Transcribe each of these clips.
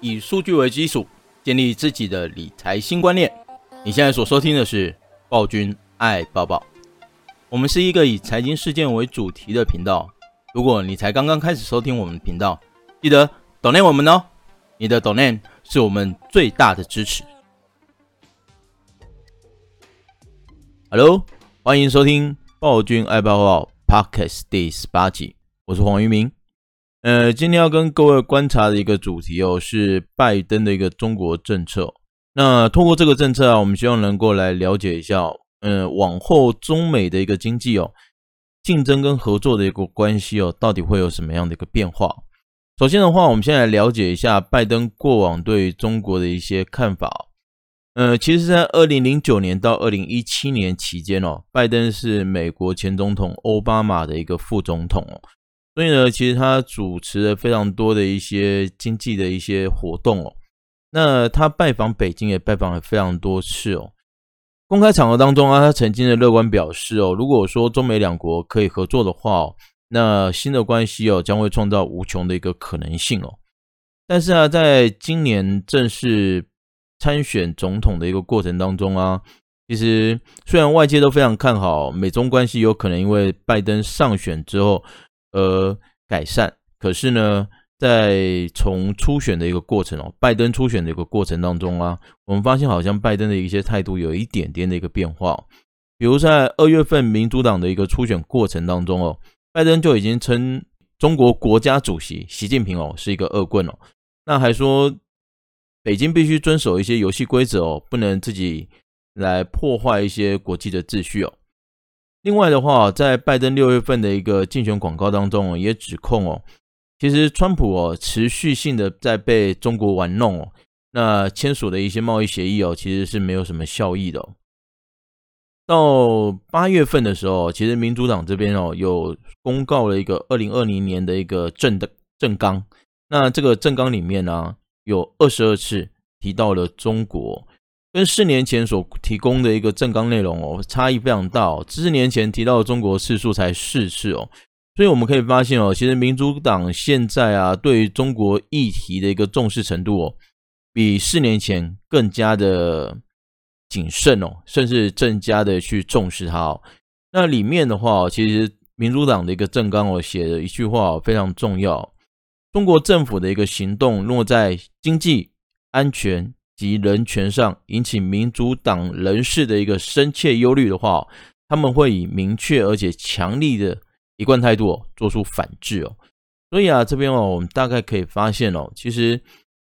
以數據為基礎，建立自己的理財新觀念。你現在所收聽的是《暴君愛抱抱》，我們是一個以財經事件為主題的頻道。如果你才剛剛開始收聽我們的頻道，記得 Donate 我們哦，你的 Donate 是我們最大的支持。Hello，歡迎收聽《暴君愛抱抱》Podcast 第十八集，我是黃於銘。呃，今天要跟各位觀察的一個主題哦，是拜登的一個中國政策。那通過這個政策啊，我們希望能夠來了解一下，嗯、呃，往後中美的一個經濟哦，競爭跟合作的一個關係哦，到底會有什麼樣的一個變化？首先的話，我們先來了解一下拜登過往對中國的一些看法。呃，其實，在二零零九年到二零一七年期間哦，拜登是美國前總統奧巴馬的一個副總統哦。所以呢，其實他主持了非常多的一些經濟的一些活動哦。那他拜訪北京也拜訪了非常多次哦。公開場合當中啊，他曾經的樂觀表示哦，如果說中美兩國可以合作的話哦，那新的關係哦將會創造無窮的一個可能性哦。但是啊，在今年正式參選總統的一個過程當中啊，其實雖然外界都非常看好美中關係有可能因為拜登上選之後，呃，改善。可是呢，在從初選的一個過程哦，拜登初選的一個過程當中啊，我們發現好像拜登的一些態度有一點點的一個變化哦。比如在二月份民主黨的一個初選過程當中哦，拜登就已經稱中國國家主席習近平哦是一個惡棍哦，那還說北京必須遵守一些遊戲規則哦，不能自己來破壞一些國際的秩序哦。另外的話，在拜登六月份的一個競選廣告當中哦，也指控哦，其實川普哦持續性的在被中國玩弄哦，那簽署的一些貿易協議哦，其實是沒有什麼效益的哦。到八月份的時候，其實民主黨這邊哦有公告了一個二零二零年的一個政的政綱，那這個政綱裡面呢啊，有二十二次提到了中國。跟四年前所提供的一個政綱內容哦，差異非常大哦。四年前提到的中國次數才四次哦，所以我們可以發現哦，其實民主黨現在啊，對於中國議題的一個重視程度哦，比四年前更加的謹慎哦，甚至更加的去重視它哦。那裡面的話哦，其實民主黨的一個政綱我哦，寫的一句話哦，非常重要：中國政府的一個行動落在經濟安全。及人權上引起民主黨人士的一個深切憂慮的話，他們會以明確而且強力的一貫態度做出反制哦。所以啊，這邊哦，我們大概可以發現哦，其實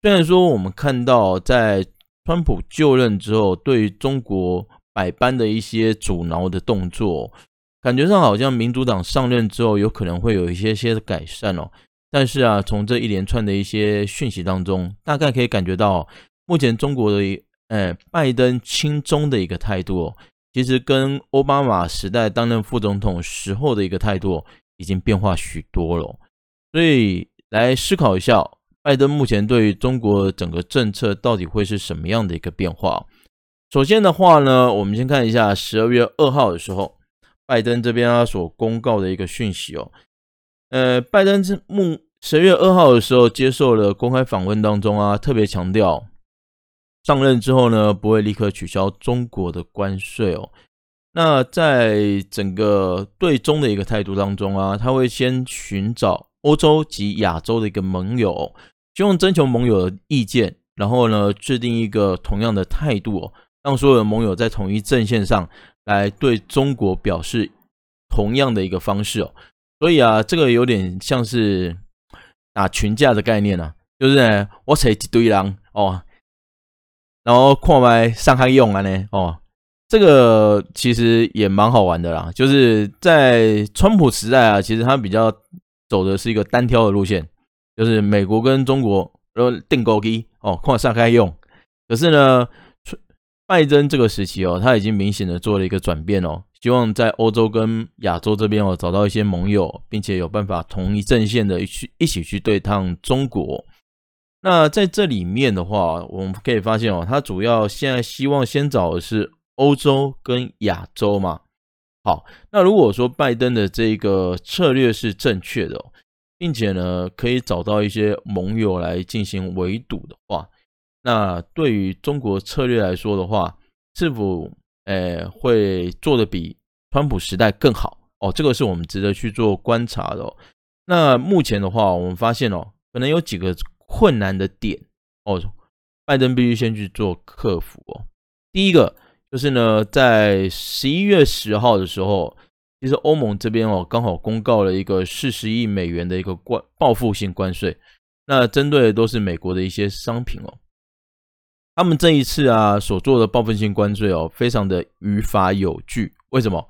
雖然說我們看到在川普就任之後對於中國百般的一些阻撓的動作，感覺上好像民主黨上任之後有可能會有一些些的改善哦。但是啊，從這一連串的一些訊息當中，大概可以感覺到。目前中國的，誒、呃、拜登親中的一個態度，其實跟奧巴馬時代擔任副總統時候的一個態度已經變化許多了。所以來思考一下，拜登目前對於中國整個政策到底會是什麼樣的一個變化？首先的話呢，我們先看一下十二月二號的時候，拜登這邊啊所公告的一個訊息哦，呃，拜登是目十二月二號的時候接受了公開訪問當中啊，特別強調。上任之後呢，不會立刻取消中國的關稅哦。那在整個對中的一個態度當中啊，他會先尋找歐洲及亞洲的一個盟友，哦，希望徵求盟友的意見，然後呢，制定一個同樣的態度哦，讓所有的盟友在統一陣線上來對中國表示同樣的一個方式哦。所以啊，這個有點像是打群架的概念呢，啊，就是呢我找一堆人哦。然後擴埋上開用啊呢哦，這個其實也蠻好玩的啦，就是在川普時代啊，其實他比較走的是一個單挑的路線，就是美國跟中國然後定高低哦，擴散開用。可是呢，拜登這個時期哦，他已經明顯的做了一個轉變哦，希望在歐洲跟亞洲這邊哦，找到一些盟友，並且有辦法同一陣線的去一,一起去對抗中國。那在這裡面的話，我們可以發現哦，他主要現在希望先找的是歐洲跟亞洲嘛。好，那如果說拜登的這個策略是正確的，並且呢可以找到一些盟友來進行圍堵的話，那對於中國策略來說的話，是否誒會做得比川普時代更好？哦，這個是我們值得去做觀察的哦。那目前的話，我們發現哦，可能有幾個。困難的點哦，拜登必須先去做克服哦。第一個就是呢，在十一月十號的時候，其實歐盟這邊哦剛好公告了一個四十億美元的一個關報復性關稅，那針對的都是美國的一些商品哦。他們這一次啊所做的報復性關稅哦，非常的於法有據。為什麼？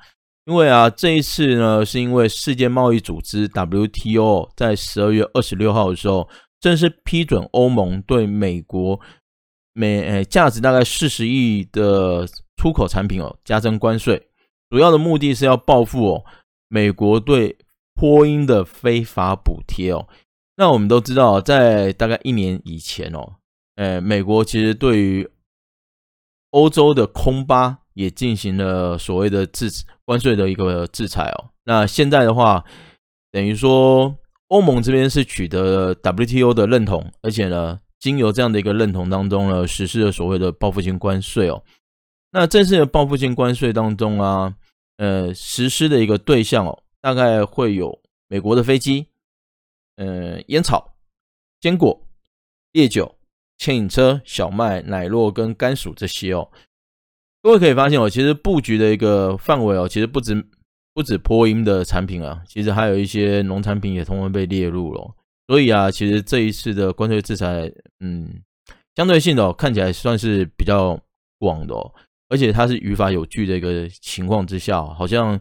因為啊這一次呢，是因為世界貿易組織 WTO 在十二月二十六號的時候，正式批准歐盟對美國美、哎、價值大概四十億的出口產品哦加徵關稅，主要的目的是要報復哦美國對波音的非法補貼哦。那我們都知道，在大概一年以前哦，呃、哎，美國其實對於歐洲的空巴也進行了所謂的制關稅的一個制裁哦。那現在的話，等於說。歐盟這邊是取得了 WTO 的認同，而且呢，經由這樣的一個認同當中呢，實施了所謂的報復性關稅哦。那正式的報復性關稅當中啊，呃，實施的一個對象哦，大概會有美國的飛機、呃，煙草、堅果、烈酒、牽引車、小麥、奶酪跟甘薯這些哦。各位可以發現哦，其實布局的一個範圍哦，其實不止。不止波音的產品啊，其實還有一些農產品也同時被列入了、哦。所以啊，其實這一次的關稅制裁，嗯，相對性的、哦、看起來算是比較廣的、哦，而且它是於法有據的一個情況之下，好像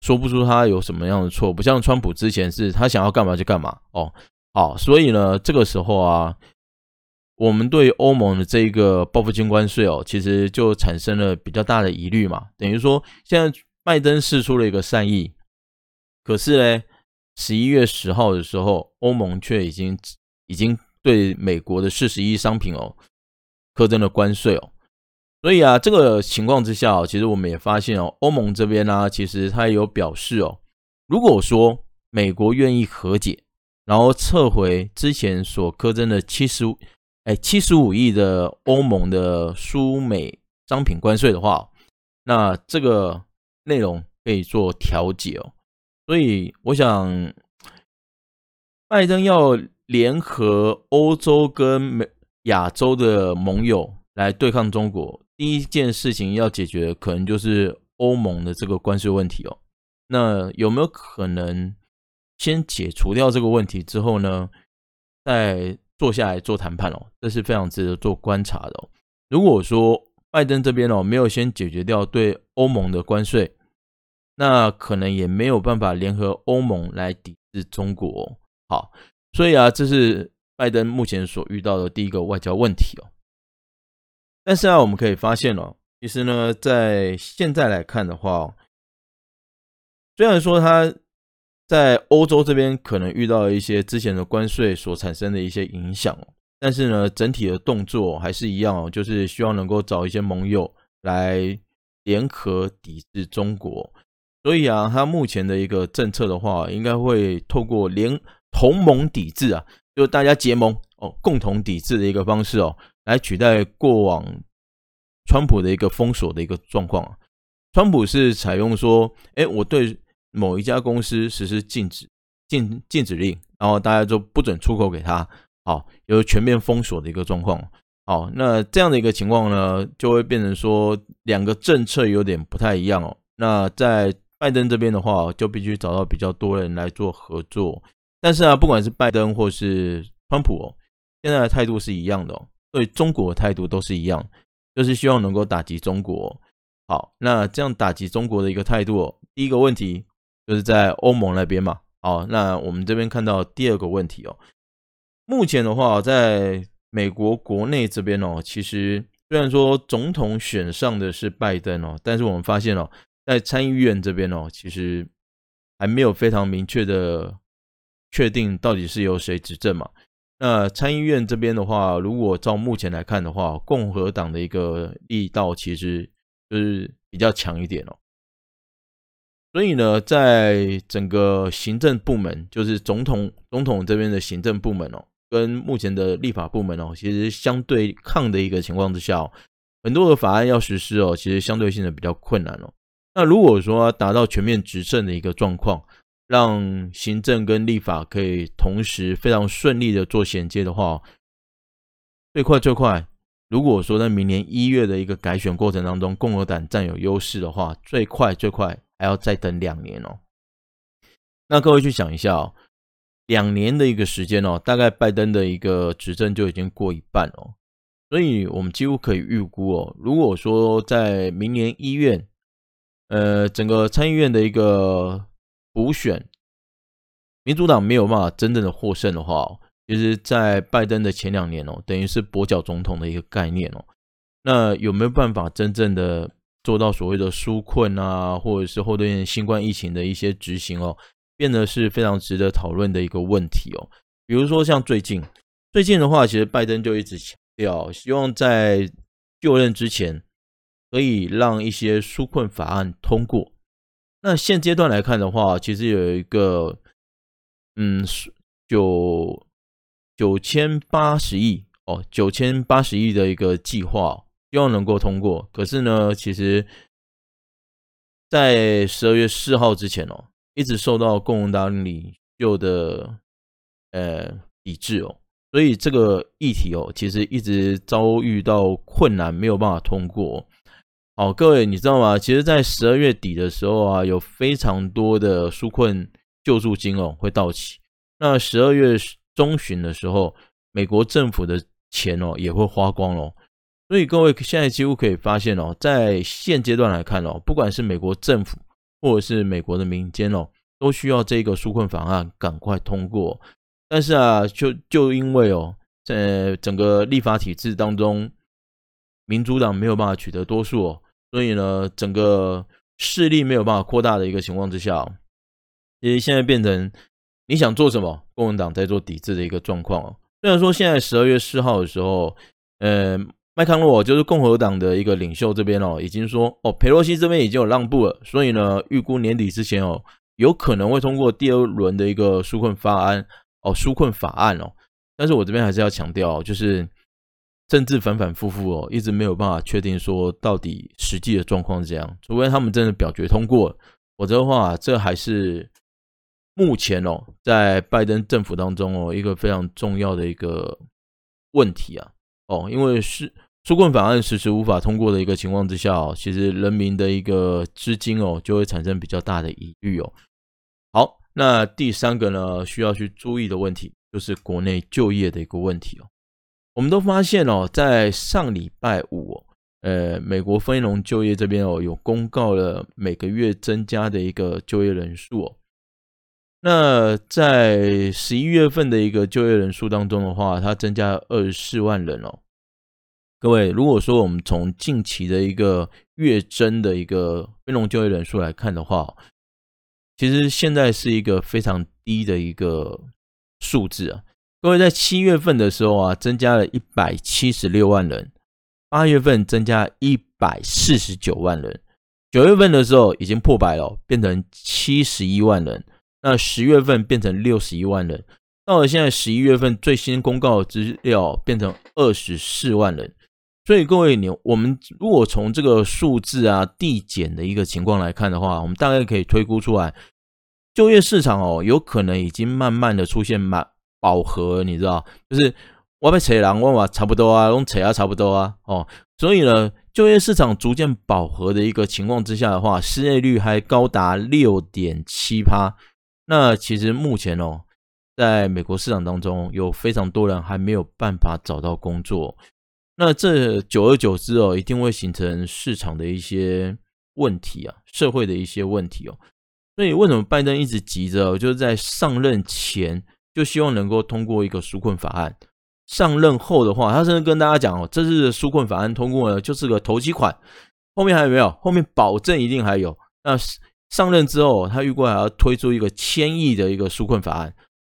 說不出它有什麼樣的錯，不像川普之前是他想要幹嘛就幹嘛哦。好，所以呢，這個時候啊，我們對歐盟的這一個報復性關稅哦，其實就產生了比較大的疑慮嘛。等於說現在。拜登釋出了一個善意，可是呢，十一月十號的時候，歐盟卻已經已經對美國的四十億商品哦，苛徵了關稅哦，所以啊，這個情況之下、哦，其實我們也發現哦，歐盟這邊呢、啊，其實他也有表示哦，如果說美國願意和解，然後撤回之前所苛徵的七十五哎七十五億的歐盟的輸美商品關稅的話，那這個。內容可以做調節哦，所以我想，拜登要聯合歐洲跟美亞洲的盟友來對抗中國，第一件事情要解決的可能就是歐盟的這個關稅問題哦。那有沒有可能先解除掉這個問題之後呢，再坐下來做談判哦？這是非常值得做觀察的哦。如果說，拜登這邊哦，沒有先解決掉對歐盟的關稅，那可能也沒有辦法聯合歐盟來抵制中國。好，所以啊，這是拜登目前所遇到的第一個外交問題哦。但是啊，我們可以發現哦，其實呢，在現在來看的話，雖然說他在歐洲這邊可能遇到一些之前的關稅所產生的一些影響哦。但是呢，整體的動作還是一樣哦，就是希望能夠找一些盟友來聯合抵制中國。所以啊，他目前的一個政策的話，應該會透過聯同盟抵制啊，就大家結盟哦，共同抵制的一個方式哦，來取代過往川普的一個封鎖的一個狀況。川普是採用說，哎，我對某一家公司實施禁止禁禁止令，然後大家就不准出口給他。好，有全面封鎖的一個狀況。好，那這樣的一個情況呢，就會變成說，兩個政策有點不太一樣哦。那在拜登這邊的話，就必須找到比較多人來做合作。但是啊，不管是拜登或是川普哦，現在的態度是一樣的哦，對中國的態度都是一樣，就是希望能夠打擊中國。好，那這樣打擊中國的一個態度，第一個問題就是在歐盟那邊嘛。好，那我們這邊看到第二個問題哦。目前的話，在美國國內這邊哦，其實雖然說總統選上的是拜登哦，但是我們發現哦，在參議院這邊哦，其實還沒有非常明確的確定到底是由誰執政嘛。那參議院這邊的話，如果照目前來看的話，共和黨的一個力道其實就是比較強一點哦。所以呢，在整個行政部門，就是總統，總統這邊的行政部門哦。跟目前的立法部門哦，其實相對抗的一個情況之下喔，很多的法案要實施哦，其實相對性的比較困難哦。那如果說啊，達到全面執政的一個狀況，讓行政跟立法可以同時非常順利的做銜接的話喔，最快最快，如果說在明年一月的一個改選過程當中，共和黨佔有優勢的話，最快最快還要再等兩年哦。那各位去想一下哦。兩年的一個時間哦，大概拜登的一個執政就已經過一半哦，所以我們幾乎可以預估哦，如果說在明年一月，呃，整個參議院的一個補選，民主黨沒有辦法真正的獲勝的話，其實，在拜登的前兩年哦，等於是跛腳總統的一個概念哦，那有沒有辦法真正的做到所謂的紓困啊，或者是後段新冠疫情的一些執行哦？變得是非常值得討論的一個問題哦。比如說，像最近，最近的話，其實拜登就一直強調，希望在就任之前可以讓一些紓困法案通過。那現階段來看的話，其實有一個，嗯，是九九千八十億哦，九千八十億的一個計劃，希望能夠通過。可是呢，其實，在十二月四號之前哦。一直受到共和黨領袖的呃抵制哦，所以這個議題哦，其實一直遭遇到困難，沒有辦法通過。好，各位你知道嗎？其實，在十二月底的時候啊，有非常多的紓困救助金哦會到期。那十二月中旬的時候，美國政府的錢哦也會花光了哦。所以各位現在幾乎可以發現哦，在現階段來看哦，不管是美國政府，或者是美國的民間哦，都需要這個紓困法案趕快通過。但是啊，就就因為哦，在整個立法體制當中，民主黨沒有辦法取得多數、哦，所以呢，整個勢力沒有辦法擴大的一個情況之下哦，也現在變成你想做什麼，共和黨在做抵制的一個狀況哦。雖然說現在十二月四號的時候，嗯、呃。麥康洛就是共和黨的一個領袖，這邊哦已經說哦，佩洛西這邊已經有讓步了，所以呢，預估年底之前哦，有可能會通過第二輪的一個紓困法案哦，紓困法案哦。但是我這邊還是要強調哦，就是政治反反复覆哦，一直沒有辦法確定說到底實際的狀況是這樣，除非他們真的表決通過了，否則的話，這還是目前哦，在拜登政府當中哦，一個非常重要的一個問題啊哦，因為是。紓困法案遲遲無法通過的一個情況之下哦，其實人民的一個資金哦，就會產生比較大的疑慮哦。好，那第三個呢，需要去注意的問題就是國內就業的一個問題哦。我們都發現哦，在上禮拜五哦，哦，呃，美國非農就業這邊哦有公告了每個月增加的一個就業人數哦。那在十一月份的一個就業人數當中的話，它增加二十四萬人哦。各位，如果說我們從近期的一個月增的一個非農就業人數來看的話，其實現在是一個非常低的一個數字啊。各位在七月份的時候啊，增加了一百七十六萬人；八月份增加一百四十九萬人；九月份的時候已經破百了，變成七十一萬人；那十月份變成六十一萬人；到了現在十一月份最新公告資料變成二十四萬人。所以各位你，你我們如果從這個數字啊遞減的一個情況來看的話，我們大概可以推估出來，就業市場哦有可能已經慢慢的出現滿飽和，你知道？就是挖不切狼，挖挖差不多啊，用切啊差不多啊，哦，所以呢，就業市場逐漸飽和的一個情況之下的話，失業率還高達六點七趴。那其實目前哦，在美國市場當中，有非常多人還沒有辦法找到工作。那這久而久之哦，一定會形成市場的一些問題啊，社會的一些問題哦。所以為什麼拜登一直急着、哦，就是在上任前就希望能夠通過一個紓困法案。上任後的話，他甚至跟大家講哦，這次的紓困法案通過了就是個頭期款，後面還有沒有？後面保證一定還有。那上任之後，他預估還要推出一個千億的一個紓困法案。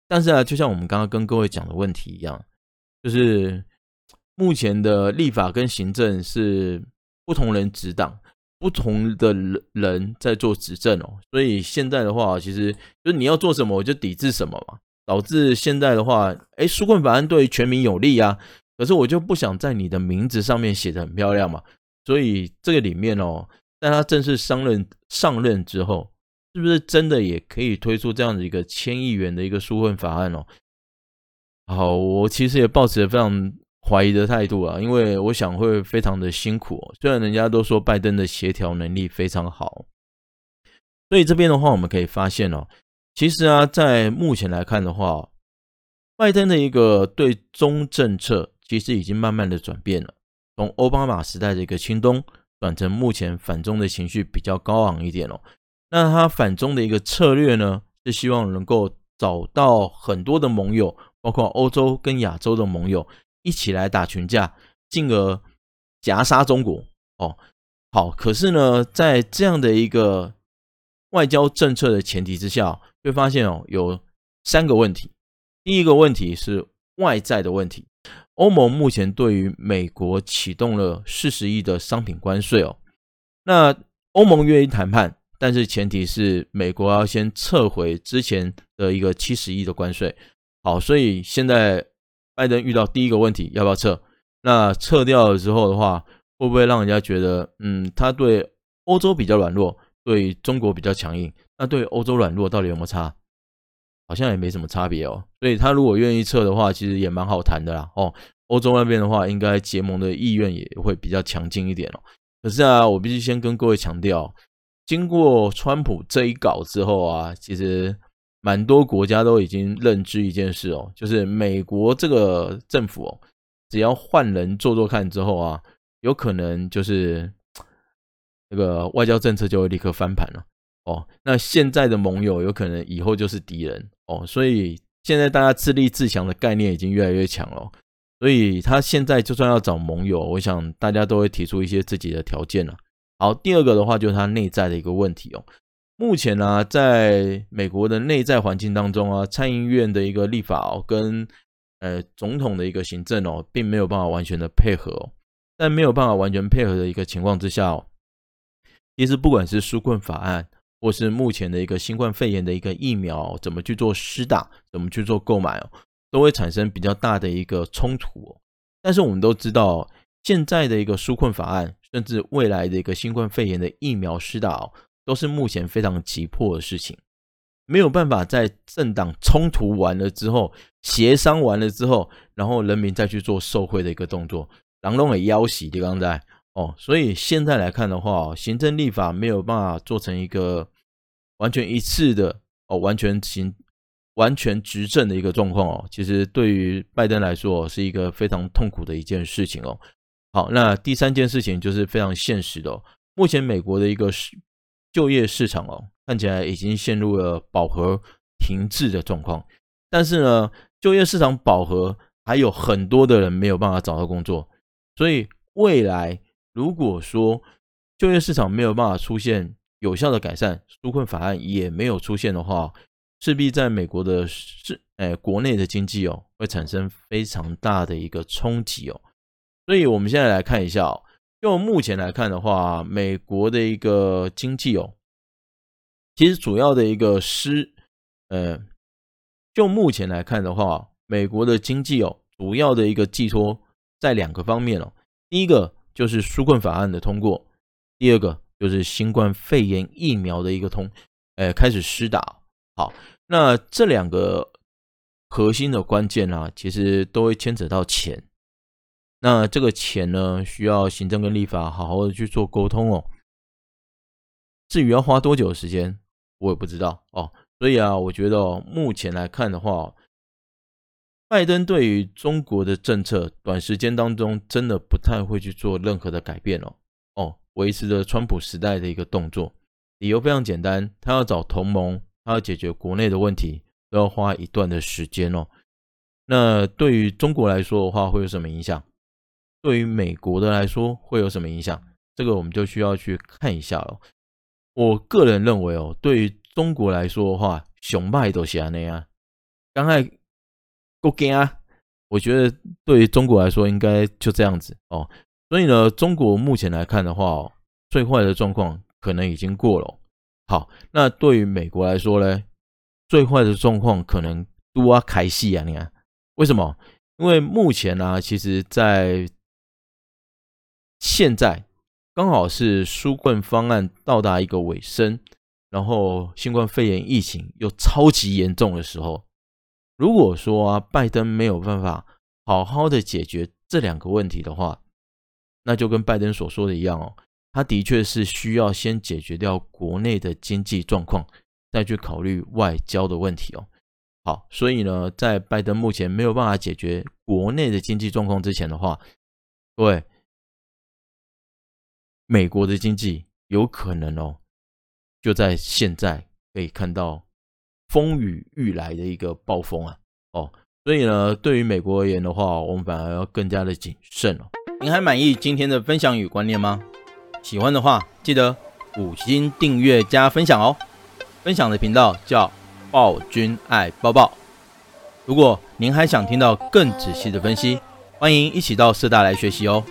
但是呢、啊，就像我們剛剛跟各位講的問題一樣，就是。目前的立法跟行政是不同人執掌，不同的人在做執政哦，所以現在的話，其實就是你要做什麼，我就抵制什麼嘛。導致現在的話，誒，紓困法案對於全民有利啊，可是我就不想在你的名字上面寫得很漂亮嘛。所以這個裡面哦，在他正式上任上任之後，是不是真的也可以推出這樣的一個千億元的一個紓困法案哦？好，我其實也抱持非常。懷疑的態度啊，因為我想會非常的辛苦、哦。雖然人家都說拜登的協調能力非常好，所以這邊的話，我們可以發現哦，其實啊，在目前來看的話，拜登的一個對中政策其實已經慢慢的轉變了，從歐巴馬時代的一個親中，轉成目前反中的情緒比較高昂一點了、哦。那他反中的一個策略呢，是希望能夠找到很多的盟友，包括歐洲跟亞洲的盟友。一起來打群架，進而夾殺中國哦。好，可是呢，在這樣的一個外交政策的前提之下，會發現哦，有三個問題。第一個問題是外在的問題。歐盟目前對於美國啟動了四十億的商品關稅哦，那歐盟願意談判，但是前提是美國要先撤回之前的一個七十億的關稅。好，所以現在。拜登遇到第一個問題，要不要撤？那撤掉了之後的話，會不會讓人家覺得，嗯，他對歐洲比較軟弱，對中國比較強硬？那對歐洲軟弱到底有沒有差？好像也沒什麼差別哦。所以他如果願意撤的話，其實也蠻好談的啦。哦，歐洲那邊的話，應該結盟的意願也會比較強勁一點哦。可是啊，我必須先跟各位強調，經過川普這一搞之後啊，其實。蠻多國家都已經認知一件事哦，就是美國這個政府哦，只要換人做做看之後啊，有可能就是這個外交政策就會立刻翻盤了哦。那現在的盟友有可能以後就是敵人哦，所以現在大家自立自強的概念已經越來越強哦，所以他現在就算要找盟友，我想大家都會提出一些自己的條件了。好，第二個的話就是他內在的一個問題哦。目前呢、啊，在美國的內在環境當中啊，參議院的一個立法、哦、跟呃總統的一個行政哦，並沒有辦法完全的配合哦。但沒有辦法完全配合的一個情況之下哦，其實不管是紓困法案，或是目前的一個新冠肺炎的一個疫苗怎麼去做施打，怎麼去做購買、哦，都會產生比較大的一個衝突、哦。但是我們都知道、哦，現在的一個紓困法案，甚至未來的一個新冠肺炎的疫苗施打哦。都是目前非常急迫的事情，沒有辦法在政黨衝突完了之後，協商完了之後，然後人民再去做受惠的一個動作，狼龍給要挾。你剛才哦，所以現在來看的話，行政立法沒有辦法做成一個完全一次的哦，完全行完全執政的一個狀況哦。其實對於拜登來說，是一個非常痛苦的一件事情哦。好，那第三件事情就是非常現實的，目前美國的一個就業市場哦，看起來已經陷入了飽和停滯的狀況。但是呢，就業市場飽和，還有很多的人沒有辦法找到工作。所以未來如果說就業市場沒有辦法出現有效的改善，紓困法案也沒有出現的話，勢必在美國的市，誒，國內的經濟哦，會產生非常大的一個衝擊哦。所以我們現在來看一下哦。就目前來看的話，美國的一個經濟哦，其實主要的一個失，呃，就目前來看的話，美國的經濟哦，主要的一個寄托在兩個方面哦，第一個就是紓困法案的通過，第二個就是新冠肺炎疫苗的一個通，哎、呃，開始施打。好，那這兩個核心的關鍵啊，其實都會牽扯到錢。那這個錢呢，需要行政跟立法好好的去做溝通哦。至於要花多久的時間，我也不知道哦。所以啊，我覺得哦，目前來看的話，拜登對於中國的政策，短時間當中真的不太會去做任何的改變哦。哦，維持着川普時代的一個動作，理由非常簡單，他要找同盟，他要解決國內的問題，都要花一段的時間哦。那對於中國來說的話，會有什麼影響？對於美國的來說會有什麼影響？這個我們就需要去看一下嘍。我個人認為哦，對於中國來說的話，熊賣都行那樣、啊、剛才國建，我覺得對於中國來說應該就這樣子哦。所以呢，中國目前來看的話，最壞的狀況可能已經過了。好，那對於美國來說呢，最壞的狀況可能多開戲啊！你看、啊，為什麼？因為目前呢、啊，其實，在現在剛好是紓困方案到達一個尾聲，然後新冠肺炎疫情又超級嚴重的時候，如果說啊，拜登沒有辦法好好的解決這兩個問題的話，那就跟拜登所說的一樣哦，他的確是需要先解決掉國內的經濟狀況，再去考慮外交的問題哦。好，所以呢，在拜登目前沒有辦法解決國內的經濟狀況之前的話，各位。美國的經濟有可能哦，就在現在可以看到風雨欲來的一個暴風啊！哦，所以呢，對於美國而言的話，我們反而要更加的謹慎哦。您還滿意今天的分享與觀念嗎？喜歡的話，記得五星訂閱加分享哦。分享的頻道叫暴君愛抱抱。如果您還想聽到更仔細的分析，歡迎一起到社大來學習哦。